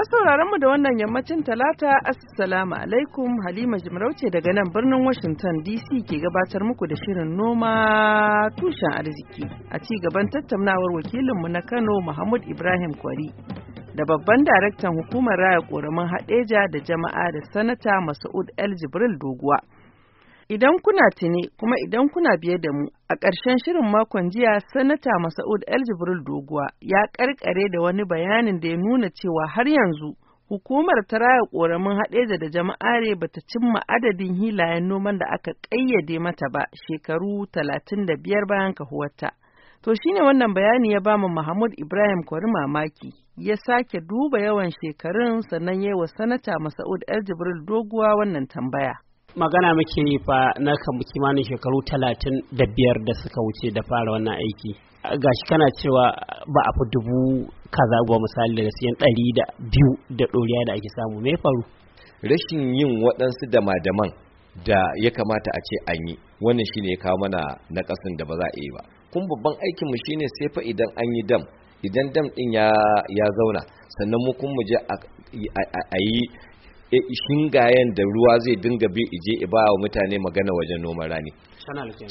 Masu sauraron mu da wannan yammacin talata assalamu alaikum Halima Jimarauce daga nan birnin Washington DC ke gabatar muku da shirin noma tushen arziki a ci gaban tattaunawar wakilinmu na Kano Muhammad Ibrahim Kwari da babban daraktan hukumar raya koramin haɗeja da jama'a da sanata Masud El Jibril Doguwa. Idan kuna tuni kuma idan kuna biye da mu a ƙarshen shirin makon jiya sanata Masa'ud El Jibril Doguwa ya ƙarƙare da wani bayanin da ya nuna cewa har yanzu hukumar ta raya ƙoramin haɗeja da jama'are ba ta cimma adadin hilayen noman da aka ƙayyade mata ba shekaru talatin da biyar bayan kahuwarta. To shine wannan bayani ya bamu Mahmud Ibrahim Kwari mamaki ya sake duba yawan shekarun sannan ya yi wa sanata Masa'ud El Jibril Doguwa wannan tambaya. magana muke yi fa na kamu kimanin shekaru talatin da biyar da suka wuce da fara wannan aiki gashi kana cewa ba a fi dubu kaza gwa misali daga siyan ɗari da biyu da ɗoriya da ake samu me faru rashin yin waɗansu dama-daman da ya kamata a ce an yi wannan shine ya kawo mana na da ba za a yi ba kun babban aikin mu shine sai fa idan an yi dam idan dam ɗin ya zauna sannan mu kun mu je a yi shingayen da ruwa zai dinga bi ije i ba wa mutane magana wajen noman rani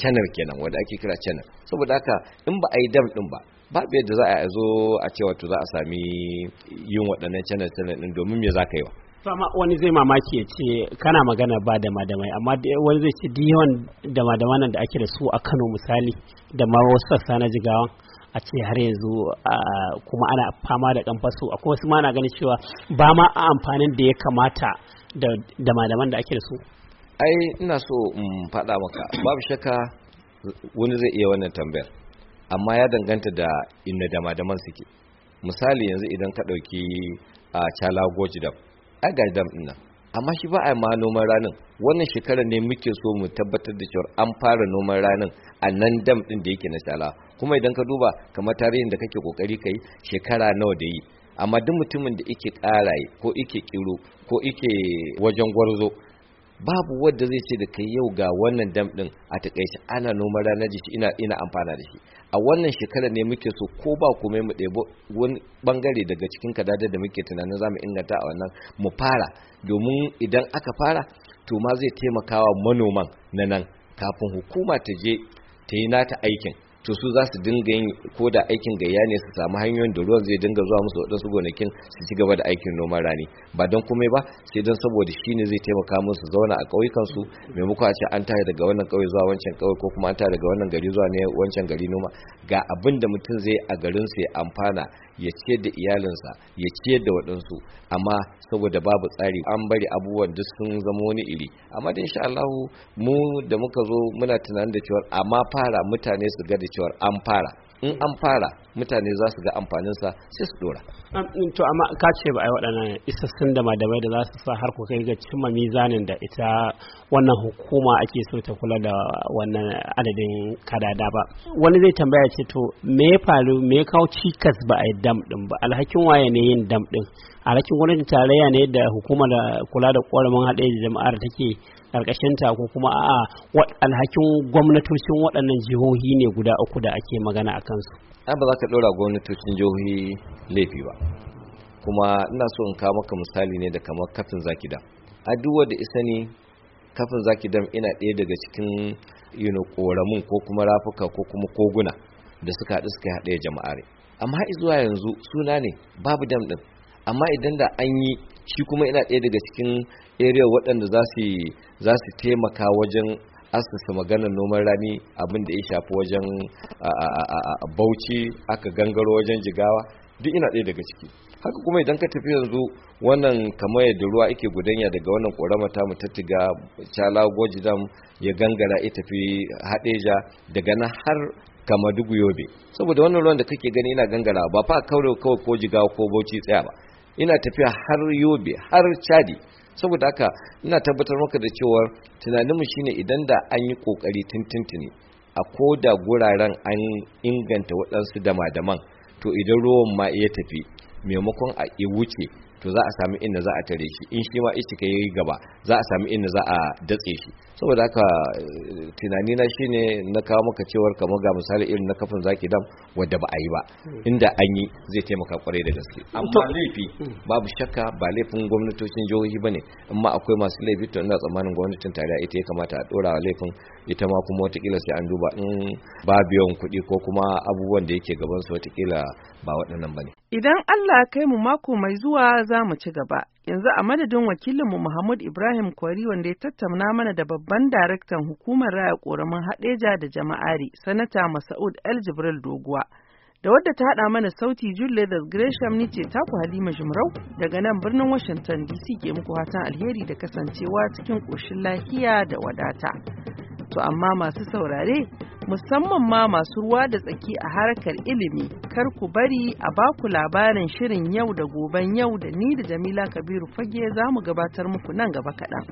canar kenan wanda ake kira canar saboda haka in ba a yi dam din ba babu yadda za a zo a ce wato za a sami yin waɗannan canar canar din domin me za ka yi wa amma wani zai mamaki ya ce kana magana ba da madamai amma wani zai ce diyon da madamanan da ake da su a kano misali da ma wasu sassa na jigawan a ce har yanzu kuma ana fama da faso akwai wasu mana na ganin cewa ba ma a amfanin da ya kamata da malaman da ake da su ai ina so in faɗa maka babu shakka wani zai iya wannan tambayar amma ya danganta da inda dama-daman suke misali yanzu idan ka ɗauki a goji dam ai ga dam ɗin amma shi ba a ma noman ranin wannan shekarar ne muke so mu tabbatar da cewa an fara noman ranin a nan dam ɗin da yake na chala kuma idan ka duba kamar tarihin da kake kokari kai shekara nawa da yi amma duk mutumin da yake karaye ko yake kiro ko yake wajen gwarzo babu wanda zai ce da kai yau ga wannan dam din a takaice ana noma ranar shi ina ina amfana da shi a wannan shekara ne muke so ko ba kuma mu ɗebo wani bangare daga cikin kadada da muke tunanin zamu inganta a wannan mu fara domin idan aka fara to ma zai taimakawa manoman na nan kafin hukuma ta je ta yi nata aikin to su za su dinga yin ko da aikin gayya ne su samu hanyoyin da ruwan zai dinga zuwa musu waɗansu gonakin su ci gaba da aikin noman rani ba don komai ba sai don saboda shi ne zai taimaka musu zauna a ƙauyukansu maimakon a ce an tare daga wannan ƙauye zuwa wancan ƙauye ko kuma an tare daga wannan gari zuwa ne wancan gari noma ga abin da mutum zai a garin sa ya amfana ya ciyar da iyalinsa ya ciyar da waɗansu amma saboda babu tsari an bari abubuwan duk sun zama wani iri amma da insha Allah mu da muka zo muna tunanin da cewa amma fara mutane su ga cewar an fara in an fara mutane za su ga amfaninsa sai su dora. to amma ka ce ba ai waɗannan isassun da madamai da za su sa har ku kai ga cimma mizanin da ita wannan hukuma ake so ta kula da wannan adadin kadada ba wani zai tambaya ce to me ya faru me ya kawo cikas ba a yi dam din ba alhakin waye ne yin dam din alhakin gwamnatin tarayya ne da hukumar kula da ƙoramin haɗe da jama'ar take ta ko kuma a alhakin gwamnatocin waɗannan jihohi ne guda uku da ake magana a kansu ai ba za ka ɗora gwamnatocin jihohi laifi ba kuma ina so in kawo maka misali ne da kamar kafin zaki dam a duk wanda isa ne kafin zaki dam ina ɗaya daga cikin yino ƙoramin ko kuma rafuka ko kuma koguna da suka haɗu suka haɗe jama'are amma zuwa yanzu suna ne babu dam ɗin amma idan da an yi shi kuma ina ɗaya daga cikin area waɗanda za su taimaka wajen asusa maganar noman rani abin da ya shafi wajen bauchi aka gangaro wajen jigawa duk ina ɗaya daga ciki haka kuma idan ka tafi yanzu wannan kamar yadda ruwa ake gudanya daga wannan ƙorama ta mu tattiga cala gojidam ya gangara ya tafi haɗeja daga na har kama dugu yobe saboda wannan ruwan da kake gani ina gangara ba fa kawai ko jigawa ko bauchi tsaya ba ina tafiya har yobe har chadi saboda haka ina tabbatar maka da cewa tunaninmu shine idan da an yi kokari tintintini a ko da guraren an inganta waɗansu dama-daman to idan ruwan ma ya tafi maimakon a wuce to za a sami inda za a tare shi in shi ma istika yi gaba za a sami inda za a datse shi saboda haka eh, tunani na shine na kawo maka cewar kamar ga misali irin na kafin zaki dam wanda ba a yi ba inda an yi zai taimaka kwarai da gaske amma laifi babu shakka ba laifin gwamnatocin jihohi bane amma akwai masu laifi to ina tsammanin gwamnatin tarayya ita ya kamata a dora laifin ita ma kuma watakila sai an duba in ba biyan kuɗi ko kuma abubuwan da yake gaban su watakila ba waɗannan bane idan Allah ya kai mu mako mai zuwa za mu ci gaba. Yanzu a madadin wakilinmu Muhammad Ibrahim Kwari wanda ya tattauna mana da babban daraktan hukumar raya ƙoramin haɗeja da jama'ari, Sanata Masa'ud El Jibril Doguwa. Da wadda ta haɗa mana sauti da Gresham ni ce taku Halima Jumrau daga nan birnin Washington DC ke muku fatan alheri da kasancewa cikin ƙoshin lafiya da wadata. To amma masu saurare musamman ma masu ruwa da tsaki a harkar ilimi kar ku bari a baku labarin shirin yau da goben yau da ni da Jamila Kabiru fage za mu gabatar muku nan gaba kaɗan.